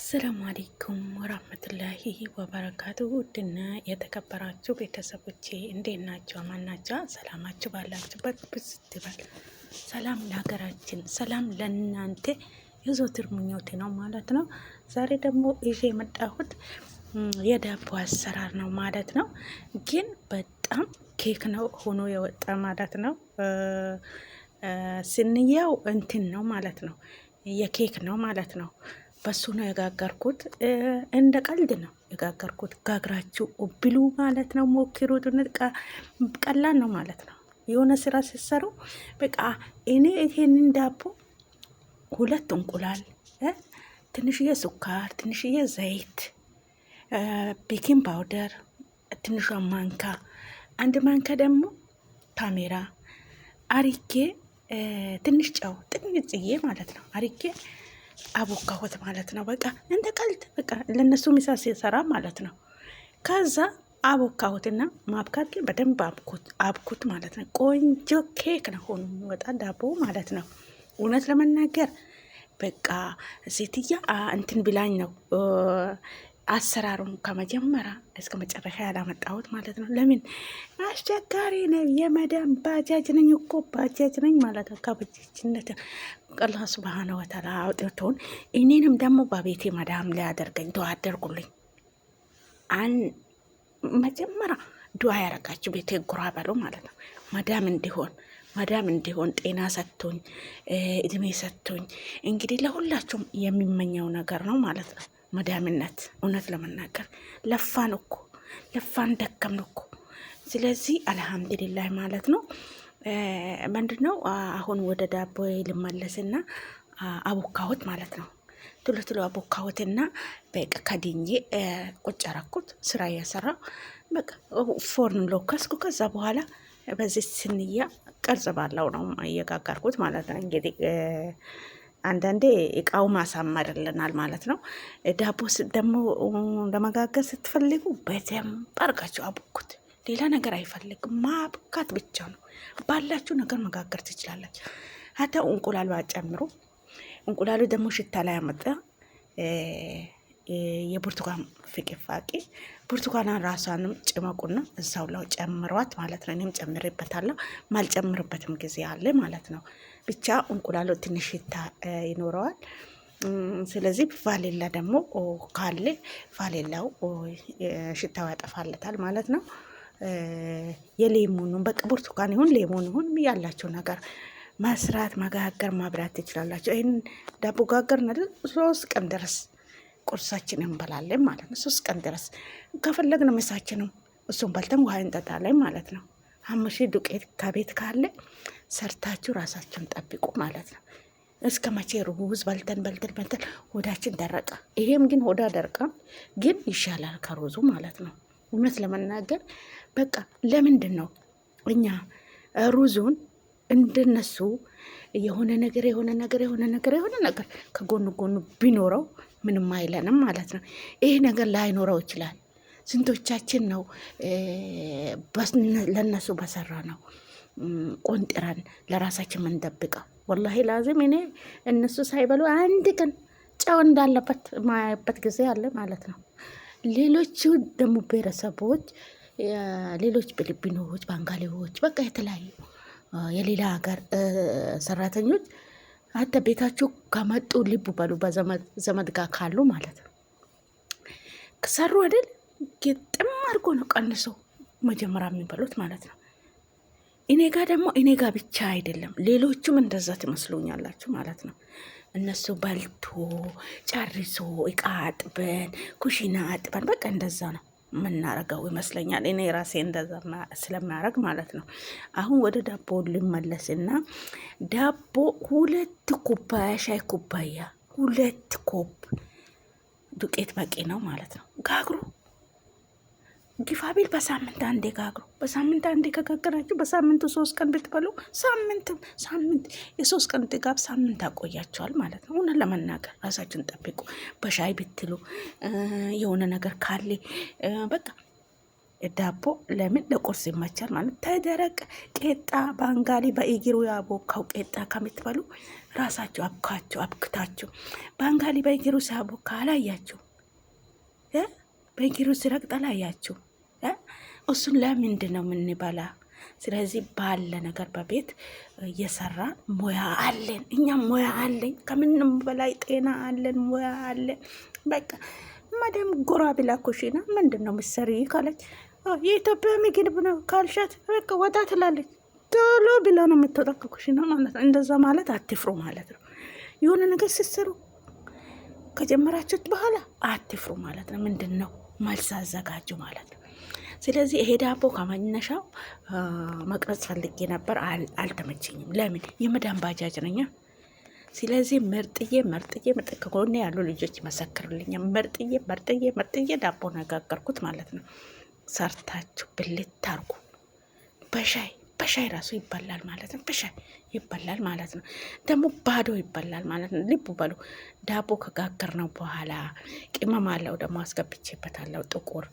አሰላሙ አሌይኩም ወራህመቱላሂ ወበረካቱ። ውድና የተከበራችሁ ቤተሰቦቼ እንዴት ናቸው? ማናቸው? ሰላማችሁ ባላችሁበት ብዝት ይበል። ሰላም ለሀገራችን፣ ሰላም ለእናንተ የዘወትር ምኞቴ ነው ማለት ነው። ዛሬ ደግሞ ይዤ የመጣሁት የዳቦ አሰራር ነው ማለት ነው። ግን በጣም ኬክ ነው ሆኖ የወጣ ማለት ነው። ስንያው እንትን ነው ማለት ነው፣ የኬክ ነው ማለት ነው። በሱ ነው የጋገርኩት። እንደ ቀልድ ነው የጋገርኩት። ጋግራችሁ ብሉ ማለት ነው። ሞክሩት። ቀላል ነው ማለት ነው። የሆነ ስራ ስትሰሩ በቃ እኔ ይሄንን ዳቦ ሁለት እንቁላል፣ ትንሽዬ ሱካር፣ ትንሽዬ ዘይት፣ ቤኪንግ ፓውደር፣ ትንሿ ማንካ፣ አንድ ማንካ ደግሞ ካሜራ አሪኬ፣ ትንሽ ጨው ጥንጽዬ ማለት ነው አሪኬ አቦካሁት ማለት ነው። በቃ እንደ ቀልድ በቃ ለእነሱ ምሳ ሲሰራ ማለት ነው። ከዛ አቦካሁትና ማብካት ግን በደንብ አብኩት አብኩት ማለት ነው። ቆንጆ ኬክ ነው ሆኖ የሚወጣ ዳቦ ማለት ነው። እውነት ለመናገር በቃ ሴትያ እንትን ብላኝ ነው አሰራሩን ከመጀመሪያ እስከ መጨረሻ ያላመጣሁት ማለት ነው። ለምን አስቸጋሪ ነው። የመዳን ባጃጅ ነኝ እኮ ባጃጅ ነኝ ማለት ነው። ከባጃጅነት አላህ ሱብሃነ ወተዓላ አውጥቶን እኔንም ደግሞ በቤቴ መዳም ሊያደርገኝ አደርጉልኝ። አን መጀመሪያ ዱዓ ያረጋችሁ ቤቴ ጉራ በሉ ማለት ነው። መዳም እንዲሆን መዳም እንዲሆን ጤና ሰጥቶኝ እድሜ ሰጥቶኝ እንግዲህ ለሁላችሁም የሚመኘው ነገር ነው ማለት ነው። መዳምነት እውነት ለመናገር ለፋን እኮ ለፋን ደከምን እኮ። ስለዚህ አልሐምዱሊላህ ማለት ነው። ምንድን ነው አሁን ወደ ዳቦ ልመለስና አቦካሁት ማለት ነው። ትሎ ትሎ አቦካሁትና በቃ ከድኜ ቁጭ አረኩት። ስራ እያሰራሁ በቃ ፎርን ሎከስኩ። ከዛ በኋላ በዚህ ስንያ ቅርጽ ባለው ነው እየጋገርኩት ማለት ነው እንግዲህ አንዳንዴ እቃው ማሳመርልናል ማለት ነው። ዳቦ ደግሞ ለመጋገር ስትፈልጉ በደንብ አርጋችሁ አቡኩት። ሌላ ነገር አይፈልግም፣ ማብካት ብቻ ነው። ባላችሁ ነገር መጋገር ትችላላችሁ። አታ እንቁላሉ አጨምሩ። እንቁላሉ ደግሞ ሽታ ላይ አመጣ የብርቱካን ፍቅፋቂ ብርቱካኗን ራሷንም ጭመቁና እዛው ላው ጨምሯት ማለት ነው። እኔም ጨምሬበታለሁ ማልጨምርበትም ጊዜ አለ ማለት ነው። ብቻ እንቁላሉ ትንሽ ሽታ ይኖረዋል። ስለዚህ ቫሌላ ደግሞ ካለ ቫሌላው ሽታው ያጠፋለታል ማለት ነው። የሌሞኑን በቃ ብርቱካን ይሁን ሌሞን ይሁን ያላቸው ነገር መስራት መጋገር ማብራት ትችላላቸው። ይህን ዳቦ ጋገር ነ ሶስት ቀን ድረስ ቁርሳችን እንበላለን ማለት ነው። ሶስት ቀን ድረስ ከፈለግን ምሳችንም እሱን በልተን ውሃ እንጠጣለን ማለት ነው። አምሺ ዱቄት ከቤት ካለ ሰርታችሁ ራሳችሁን ጠብቁ ማለት ነው። እስከ መቼ ሩዝ በልተን በልተን በልተን ሆዳችን ደረቀ። ይሄም ግን ሆዳ ደርቃ ግን ይሻላል ከሩዙ ማለት ነው። እውነት ለመናገር በቃ ለምንድን ነው እኛ ሩዙን እንደነሱ የሆነ ነገር የሆነ ነገር የሆነ ነገር የሆነ ነገር ከጎኑ ጎኑ ቢኖረው ምንም አይለንም ማለት ነው። ይህ ነገር ላይኖረው ይችላል። ስንቶቻችን ነው ለነሱ በሰራ ነው ቆንጥረን ለራሳችን ምንጠብቀው? ወላሂ ላዚም እኔ እነሱ ሳይበሉ አንድ ቀን ጨው እንዳለበት ማያበት ጊዜ አለ ማለት ነው። ሌሎቹ ደግሞ ብሔረሰቦች ሌሎች ፊሊፒኖች፣ ባንጋሌዎች በቃ የተለያዩ የሌላ ሀገር ሰራተኞች አንተ ቤታችሁ ከመጡ ልብ በሉ በዘመድ ጋር ካሉ ማለት ነው ከሰሩ አይደል ግጥም አድርጎ ነው ቀንሰው መጀመሪያ የሚበሉት ማለት ነው። እኔ ጋ ደግሞ እኔ ጋ ብቻ አይደለም፣ ሌሎቹም እንደዛ ትመስሉኛላችሁ ማለት ነው። እነሱ በልቶ ጨርሶ እቃ አጥበን ኩሽና አጥበን በቃ እንደዛ ነው። የምናረገው ይመስለኛል። እኔ ራሴ እንደዛ ስለማያረግ ማለት ነው። አሁን ወደ ዳቦ ልመለስና ዳቦ ሁለት ኩባያ ሻይ ኩባያ ሁለት ኮብ ዱቄት በቂ ነው ማለት ነው። ጋግሩ ግፋቢል በሳምንት አንዴ ጋግሩ። በሳምንት አንዴ ከጋገራችሁ በሳምንቱ ሶስት ቀን ብትበሉ ሳምንት ሳምንት የሶስት ቀን ጥጋብ ሳምንት አቆያቸዋል ማለት ነው። እውነት ለመናገር ራሳችን ጠብቁ። በሻይ ብትሉ የሆነ ነገር ካለ በቃ ዳቦ ለምን ለቁርስ ይመቻል ማለት ተደረቅ ቄጣ ባንጋሊ በእግሩ ያቦካው ቄጣ ከምትበሉ ራሳችሁ አብካችሁ አብክታችሁ ባንጋሊ በእግሩ ሲያቦካ አላያችሁ በእግሩ ሲረግጥ አላያችሁ እሱን ለምንድን ነው የምንበላ? ስለዚህ ባለ ነገር በቤት እየሰራ ሙያ አለን፣ እኛም ሙያ አለን። ከምንም በላይ ጤና አለን፣ ሙያ አለን። በቃ ማደም ጎራ ብላ ኩሽና ምንድን ነው ምሰሪ ካለች የኢትዮጵያ ምግብ ነው ካልሸት በቃ ወጣ ትላለች። ቶሎ ብላ ነው የምትወጣ ኩሽና ማለት ነው። እንደዛ ማለት አትፍሩ ማለት ነው። የሆነ ነገር ስትሰሩ ከጀመራችሁት በኋላ አትፍሩ ማለት ነው። ምንድን ነው መልስ አዘጋጁ ማለት ነው። ስለዚህ ይሄ ዳቦ ከመነሻው መቅረጽ ፈልጌ ነበር፣ አልተመቸኝም። ለምን የመዳን ባጃጅ ነኛ። ስለዚህ ምርጥዬ ምርጥዬ ምርጥ ከጎኔ ያሉ ልጆች ይመሰክሩልኛል። ምርጥዬ ምርጥዬ ምርጥዬ ዳቦ ነጋገርኩት ማለት ነው። ሰርታችሁ ብልት አርጉ። በሻይ በሻይ ራሱ ይበላል ማለት ነው። በሻይ ይበላል ማለት ነው። ደግሞ ባዶ ይበላል ማለት ነው። ልቡ በሉ ዳቦ ከጋገር ነው በኋላ ቅመም አለው ደግሞ አስገብቼበታለሁ ጥቁር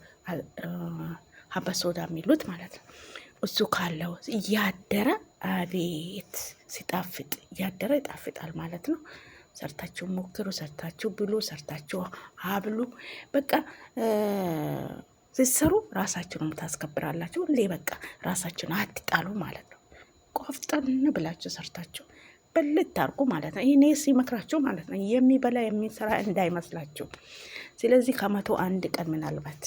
አበሶዳ የሚሉት ማለት ነው። እሱ ካለው እያደረ አቤት ሲጣፍጥ እያደረ ይጣፍጣል ማለት ነው። ሰርታችሁ ሞክሩ፣ ሰርታችሁ ብሉ፣ ሰርታችሁ አብሉ። በቃ ስትሰሩ ራሳችሁን ታስከብራላችሁ። ሁሌ በቃ ራሳችሁን አትጣሉ ማለት ነው። ቆፍጠን ብላችሁ ሰርታችሁ በልት ታርጉ ማለት ነው። ይህኔ ሲመክራችሁ ማለት ነው። የሚበላ የሚሰራ እንዳይመስላችሁ። ስለዚህ ከመቶ አንድ ቀን ምናልባት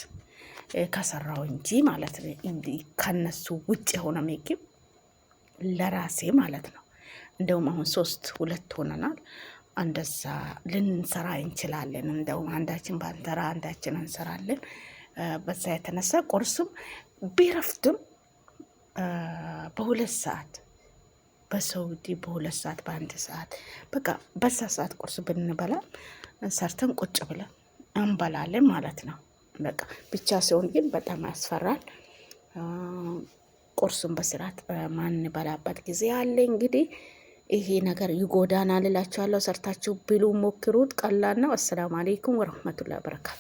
ከሰራው እንጂ ማለት ነው። ከነሱ ውጭ የሆነ ምግብ ለራሴ ማለት ነው። እንደውም አሁን ሶስት ሁለት ሆነናል። እንደዛ ልንሰራ እንችላለን። እንደውም አንዳችን ባንተራ አንዳችን እንሰራለን። በዛ የተነሳ ቁርስም ቢረፍትም በሁለት ሰዓት በሰውዲ በሁለት ሰዓት በአንድ ሰዓት በቃ በዛ ሰዓት ቁርስ ብንበላ ሰርተን ቁጭ ብለን እንበላለን ማለት ነው። በቃ ብቻ ሲሆን ግን በጣም ያስፈራል። ቁርሱን በስርዓት ማንበላበት ጊዜ አለ። እንግዲህ ይሄ ነገር ይጎዳናል እላችኋለሁ። ሰርታችሁ ብሉ፣ ሞክሩት። ቀላል ነው። አሰላሙ አሌይኩም ወረህመቱላሂ በረካቱ